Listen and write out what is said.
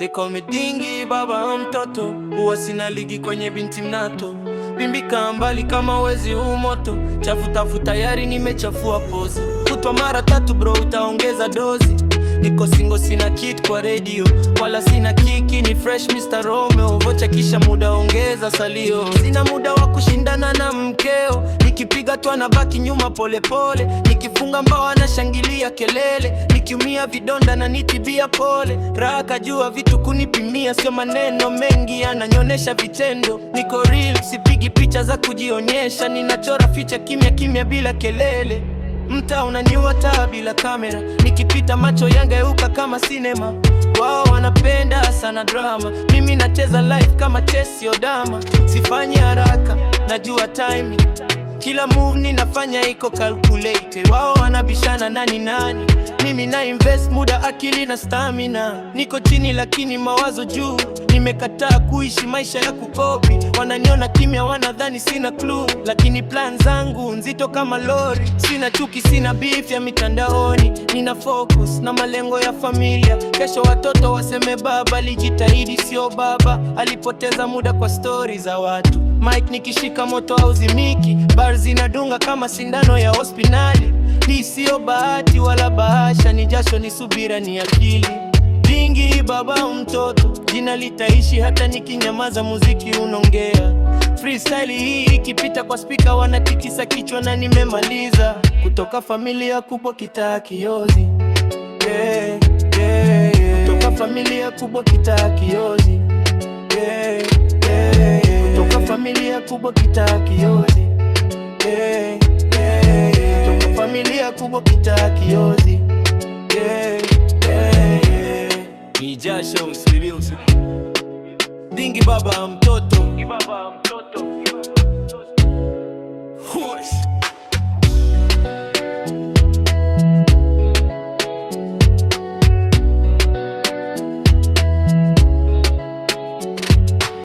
They call me dingi, baba mtoto, huwa sina ligi kwenye binti mnato. Bimbika mbali kama wezi huu moto, chafuchafu tayari nimechafua pose, Kutwa mara tatu bro, utaongeza dozi. Niko singo, sina kit kwa radio, wala sina kiki, ni fresh Mr Romeo. Vocha kisha muda, ongeza salio, sina muda wa kushindana na mkeo nikikatwa anabaki nyuma polepole pole. Nikifunga mbao anashangilia kelele, nikiumia vidonda na nitibia pole. Raha kajua vitu kunipimia, sio maneno mengi ananyonesha vitendo. Niko real, sipigi picha za kujionyesha, ninachora ficha kimya kimya bila kelele. Mtaa unaniua taa bila kamera, nikipita macho yangeuka kama sinema. Wao wanapenda sana drama, mimi nacheza life kama chesi odama. Sifanyi haraka, najua timing kila move ninafanya iko calculated. Wao wanabishana nani nani, mimi na invest muda, akili na stamina. Niko chini lakini mawazo juu, nimekataa kuishi maisha ya kukopi. Wananiona kimya, wanadhani sina clue, lakini plan zangu nzito kama lori. Sina chuki, sina beef ya mitandaoni, nina focus na malengo ya familia. Kesho watoto waseme baba alijitahidi, sio baba alipoteza muda kwa stori za watu. Mike nikishika moto au zimiki, bar zinadunga kama sindano ya hospitali. Hii sio bahati wala bahasha, ni jasho, ni subira, ni akili vingi. Baba mtoto, jina litaishi hata nikinyamaza, muziki unongea Freestyle hii ikipita kwa spika, wanatikisa kichwa na nimemaliza. Kutoka familia kubwa kitaa kiozi, yeah, yeah, yeah. Kutoka familia kubwa kitaa kiozi familia kubwa kitakioni yeah, yeah, yeah. Toka familia kubwa kitakioni yeah, yeah, yeah. Dingi baba mtoto, dingi baba mtoto